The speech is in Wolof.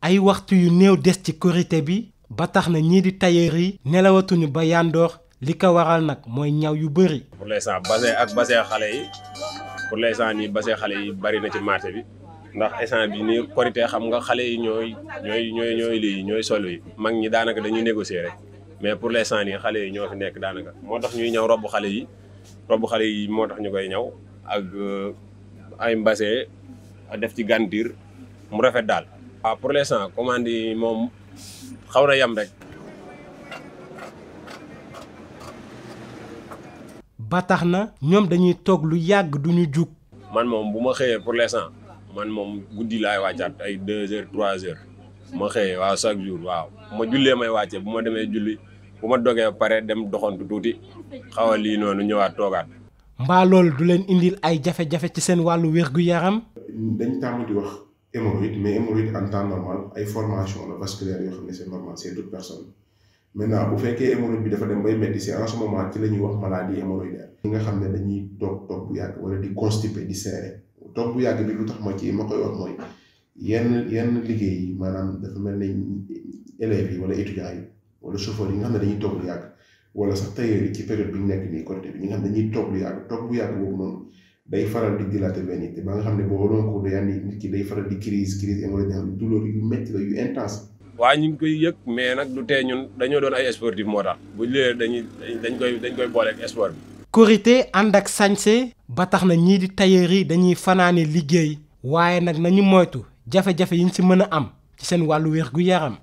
ay waxtu yu néew des ci korité bi ba tax na ñii di tailleur yi nelawatuñu ba yandoor li ko waral nag mooy ñaw yu bëri. pour l'instant bassin ak bassin xale yi pour l'instant nii bassin xale yi bari na ci marché bi ndax instant bi nii korité xam nga xale yi ñooy ñooy ñooy ñooy ñooy sol yi mag ñi daanaka dañuy négocier rek mais pour l'instant yi xale yi ñoo fi nekk daanaka moo tax ñuy ñaw robu xale yi robu xale yi moo tax ñu koy ñaw ak euh, ay mbase def ci gantir mu rafet daal. ah pour l'instant commande yi moom xaw na yam rek. ba tax na ñoom dañuy toog lu yàgg du ñu jug. man moom bu ma xëyee pour l'instant man moom guddi laay wàccaat ay deux heures trois heures ma xëyee waaw chaque jour waaw ma jullee may wàcce bu ma demee julli bu ma dogee pare dem doxantu tuuti xaw a lii noonu ñëwaat toogaat. mbaa loolu du leen indil ay jafe-jafe ci seen wàllu wér gu yaram. dañ tàmm di wax. hémorroïde mais hémorroïde en normal ay formation la vasculaire yoo xam ne c'est normal bu fekkee hémorroïde bi dafa dem la ñuy wax maladie hémorroïdaire nga xam ne dañuy toog toog bu yàgg wala di constipé di serré toog bu yàgg bi ci ma yenn yenn liggéey yi maanaam mel ni élèves wala étudiants yi wala chauffeurs yi nga xam ne wala sax tailleur yi ci période bi ñu nekk nii côté bi ñi nga xam ne dañuy toog lu yàgg toog bu yàgg boobu noonu day faral di dilaté benn nit ba nga xam ne boo doon ko day andi nit ki day faral di crise crise hémorragique am douleur yu métti la yu intense waaw ñu ngi koy yëg mais nag du tee ñun dañoo doon ay sportif moo tax bu léeg dañuy dañ koy dañ koy bi korité ànd ak sañse ba tax na ñii di tailleur yi dañuy fanaane liggéey waaye nag nañu moytu jafe-jafe yi ñu si mën a am ci seen wàllu wér gu yaram